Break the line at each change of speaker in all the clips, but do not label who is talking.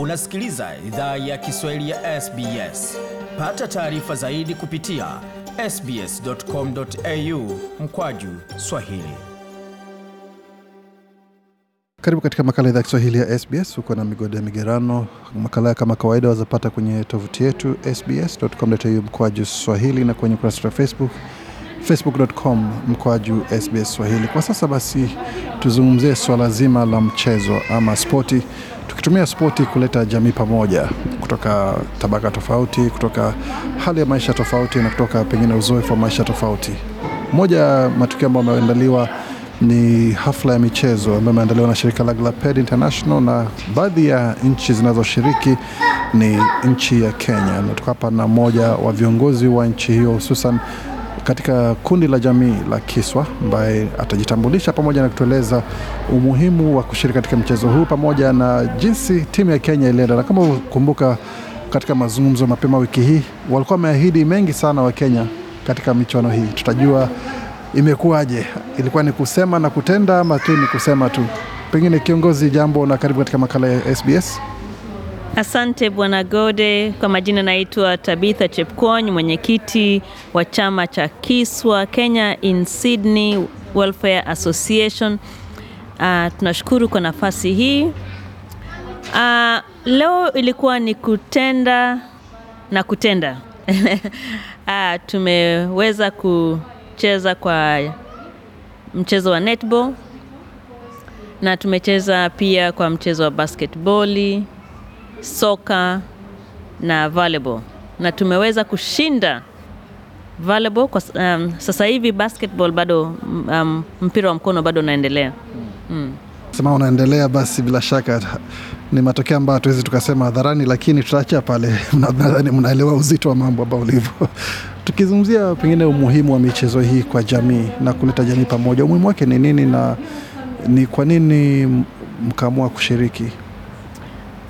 Unasikiliza idhaa ya Kiswahili ya SBS. Pata taarifa zaidi kupitia sbs.com.au mkwaju swahili.
Karibu katika makala idhaa ya Kiswahili ya SBS. huko na migode ya migerano. Makala kama kawaida wazapata kwenye tovuti yetu sbs.com.au mkwaju swahili na kwenye ukurasa wa Facebook facebook.com mkoaju SBS Swahili. Kwa sasa basi, tuzungumzie swala zima la mchezo ama spoti wakitumia spoti kuleta jamii pamoja kutoka tabaka tofauti, kutoka hali ya maisha tofauti na kutoka pengine uzoefu wa maisha tofauti. Moja ya matukio ambayo ameandaliwa ni hafla ya michezo ambayo imeandaliwa na shirika la Glaped International na baadhi ya nchi zinazoshiriki ni nchi ya Kenya, na tuko hapa na mmoja wa viongozi wa nchi hiyo hususan katika kundi la jamii la Kiswa ambaye atajitambulisha pamoja na kutueleza umuhimu wa kushiriki katika mchezo huu pamoja na jinsi timu ya Kenya ilienda. Na kama kumbuka, katika mazungumzo mapema wiki hii walikuwa wameahidi mengi sana wa Kenya katika michuano hii. Tutajua imekuwaje, ilikuwa ni kusema na kutenda ama tu ni kusema tu. Pengine kiongozi, jambo na karibu katika makala ya SBS.
Asante Bwana Gode. Kwa majina naitwa Tabitha Chepkwony, mwenyekiti wa chama cha Kiswa Kenya in Sydney Welfare Association. Uh, tunashukuru kwa nafasi hii. Uh, leo ilikuwa ni kutenda na kutenda. Uh, tumeweza kucheza kwa mchezo wa netball na tumecheza pia kwa mchezo wa basketball soka na volleyball, na tumeweza kushinda volleyball kwa um, sasa hivi basketball bado um, mpira wa mkono bado unaendelea mm.
Sema unaendelea basi, bila shaka ni matokeo ambayo hatuwezi tukasema hadharani, lakini tutaacha pale. Nadhani mnaelewa uzito wa mambo ambao ulivyo. Tukizungumzia pengine umuhimu wa michezo hii kwa jamii na kuleta jamii pamoja, umuhimu wake ni nini na ni kwa nini mkaamua kushiriki?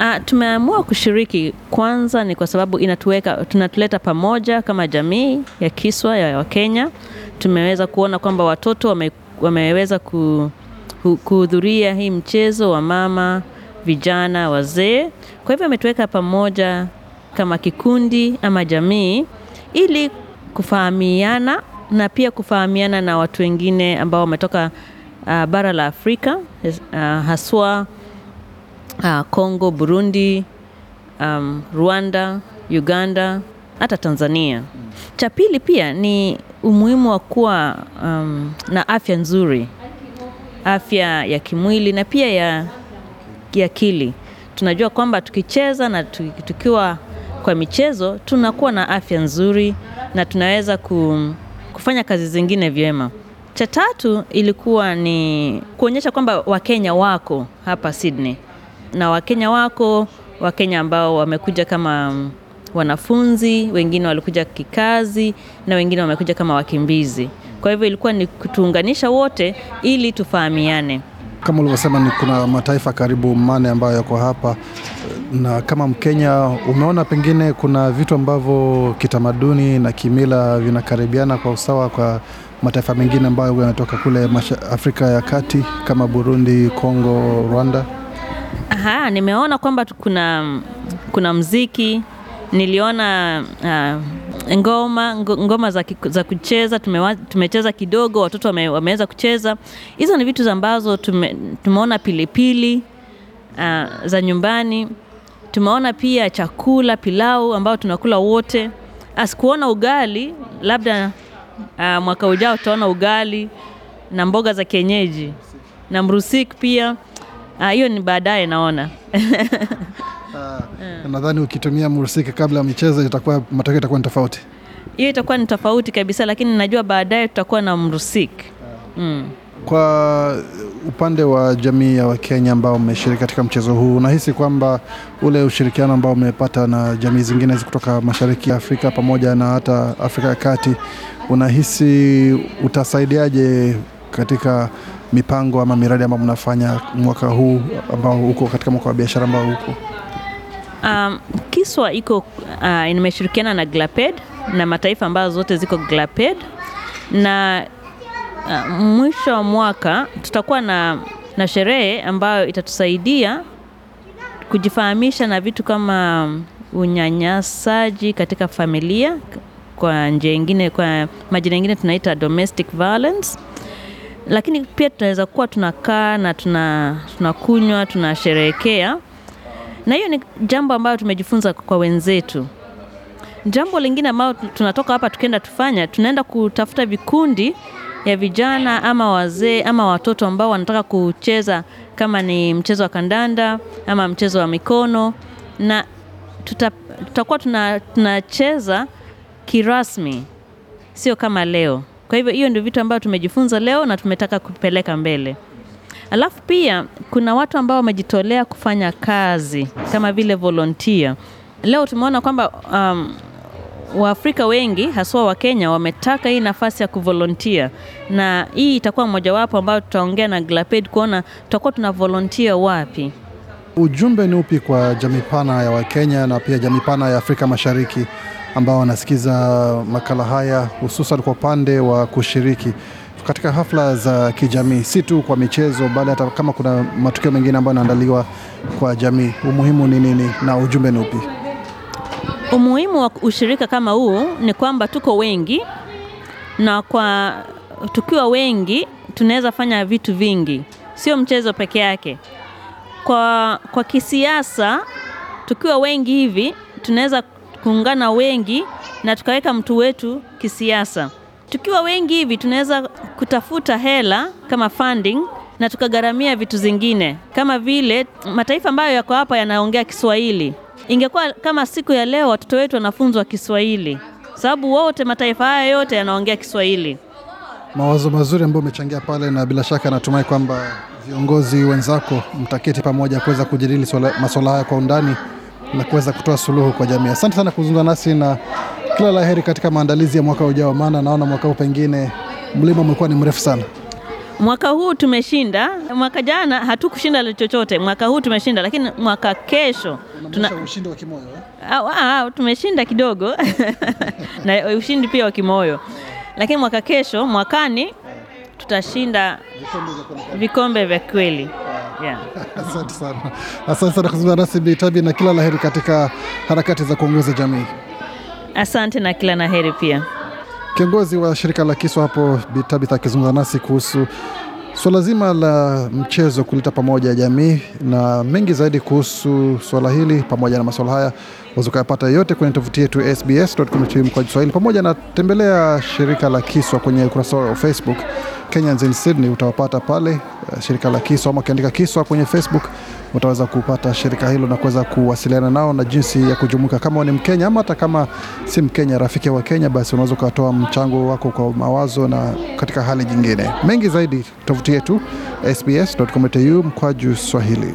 Uh, tumeamua kushiriki kwanza ni kwa sababu inatuweka tunatuleta pamoja kama jamii ya Kiswa ya Wakenya. Tumeweza kuona kwamba watoto wame, wameweza ku, kuhudhuria hii mchezo wa mama, vijana, wazee. Kwa hivyo ametuweka pamoja kama kikundi ama jamii ili kufahamiana na pia kufahamiana na watu wengine ambao wametoka uh, bara la Afrika uh, haswa uh, ah, Congo, Burundi, um, Rwanda, Uganda hata Tanzania. Cha pili pia ni umuhimu wa kuwa um, na afya nzuri, afya ya kimwili na pia ya kiakili. Tunajua kwamba tukicheza na tukiwa kwa michezo tunakuwa na afya nzuri na tunaweza kufanya kazi zingine vyema. Cha tatu ilikuwa ni kuonyesha kwamba Wakenya wako hapa Sydney na Wakenya wako Wakenya ambao wamekuja kama mm, wanafunzi, wengine walikuja kikazi na wengine wamekuja kama wakimbizi. Kwa hivyo ilikuwa ni kutuunganisha wote ili tufahamiane.
Kama ulivyosema, ni kuna mataifa karibu mane ambayo yako hapa, na kama Mkenya umeona pengine kuna vitu ambavyo kitamaduni na kimila vinakaribiana kwa usawa kwa mataifa mengine ambayo yanatoka kule Afrika ya Kati kama Burundi, Kongo, Rwanda.
Aha, nimeona kwamba kuna, kuna mziki niliona uh, ngoma ngoma za, za kucheza tumewa, tumecheza kidogo, watoto wame, wameweza kucheza. Hizo ni vitu ambazo tume, tumeona pilipili uh, za nyumbani. Tumeona pia chakula pilau ambao tunakula wote, asikuona ah, ugali. Labda uh, mwaka ujao tutaona ugali na mboga za kienyeji na mrusik pia. Ah, hiyo ni baadaye naona. Uh,
nadhani ukitumia mursika kabla ya michezo itakuwa matokeo itakuwa ni tofauti.
Hiyo itakuwa ni tofauti kabisa, lakini najua baadaye tutakuwa na mrusiki ah. mm.
Kwa upande wa jamii ya Wakenya ambao mmeshiriki katika mchezo huu, unahisi kwamba ule ushirikiano ambao umepata na jamii zingine kutoka mashariki ya Afrika pamoja na hata Afrika ya Kati, unahisi utasaidiaje katika mipango ama miradi ambayo mnafanya mwaka huu ambao uko katika mwaka wa biashara ambao uko?
Um, Kiswa iko uh, imeshirikiana na Glaped na mataifa ambayo zote ziko Glaped na uh, mwisho wa mwaka tutakuwa na, na sherehe ambayo itatusaidia kujifahamisha na vitu kama unyanyasaji katika familia, kwa njia nyingine, kwa majina ingine tunaita domestic violence lakini pia tunaweza kuwa tunakaa na tunakunywa, tuna tunasherehekea, na hiyo ni jambo ambayo tumejifunza kwa wenzetu. Jambo lingine ambayo tunatoka hapa tukienda tufanya, tunaenda kutafuta vikundi ya vijana ama wazee ama watoto ambao wanataka kucheza kama ni mchezo wa kandanda ama mchezo wa mikono, na tuta, tutakuwa tunacheza kirasmi, sio kama leo. Kwa hivyo hiyo ndio vitu ambavyo tumejifunza leo na tumetaka kupeleka mbele. Alafu pia kuna watu ambao wamejitolea kufanya kazi kama vile volunteer. Leo tumeona kwamba um, Waafrika wengi haswa Wakenya wametaka hii nafasi ya kuvolontia, na hii itakuwa mojawapo ambayo tutaongea na Glaped kuona tutakuwa tuna volunteer wapi.
Ujumbe ni upi kwa jamii pana ya Wakenya na pia jamii pana ya Afrika Mashariki? ambao wanasikiza makala haya hususan kwa upande wa kushiriki katika hafla za kijamii, si tu kwa michezo, bali hata kama kuna matukio mengine ambayo yanaandaliwa kwa jamii. Umuhimu ni nini na ujumbe ni upi?
Umuhimu wa ushirika kama huu ni kwamba tuko wengi, na kwa tukiwa wengi tunaweza fanya vitu vingi, sio mchezo peke yake. Kwa, kwa kisiasa tukiwa wengi hivi tunaweza kuungana wengi na tukaweka mtu wetu kisiasa. Tukiwa wengi hivi, tunaweza kutafuta hela kama funding na tukagharamia vitu zingine, kama vile mataifa ambayo yako hapa yanaongea Kiswahili. Ingekuwa kama siku ya leo watoto wetu wanafunzwa Kiswahili, sababu wote mataifa haya yote yanaongea Kiswahili.
Mawazo mazuri ambayo umechangia pale, na bila shaka natumai kwamba viongozi wenzako mtaketi pamoja kuweza kujadili masuala haya kwa undani na kuweza kutoa suluhu kwa jamii. Asante sana kuzungumza nasi na kila la heri katika maandalizi ya mwaka ujao, maana naona mwaka huu pengine mlima umekuwa ni mrefu sana.
Mwaka huu tumeshinda. Mwaka jana hatukushinda chochote, mwaka huu tumeshinda, lakini mwaka kesho tuna
ushindi wa kimoyo eh?
ah, ah, ah tumeshinda kidogo na ushindi pia wa kimoyo, lakini mwaka kesho, mwakani tutashinda vikombe vya kweli. Asante
sana. Asante sana kuzungumza nasi bitabi na kila laheri katika harakati za kuongoza jamii.
Asante na kila laheri pia.
Kiongozi wa shirika la Kiswa hapo Bitabi akizungumza nasi kuhusu swala zima la mchezo kuleta pamoja jamii na mengi zaidi kuhusu swala hili pamoja na maswala haya wazokayapata yote kwenye tovuti yetu sbs.com.au kwa Kiswahili pamoja na tembelea shirika la Kiswa kwenye ukurasa wa Facebook Kenyans in Sydney utawapata pale eh, shirika la Kiswa ama ukiandika Kiswa kwenye Facebook utaweza kupata shirika hilo na kuweza kuwasiliana nao na jinsi ya kujumuika. Kama ni Mkenya ama hata kama si Mkenya, rafiki wa Kenya, basi unaweza ukatoa mchango wako kwa mawazo na katika hali nyingine mengi zaidi. Tovuti yetu sbs.com.au mkwaju Swahili.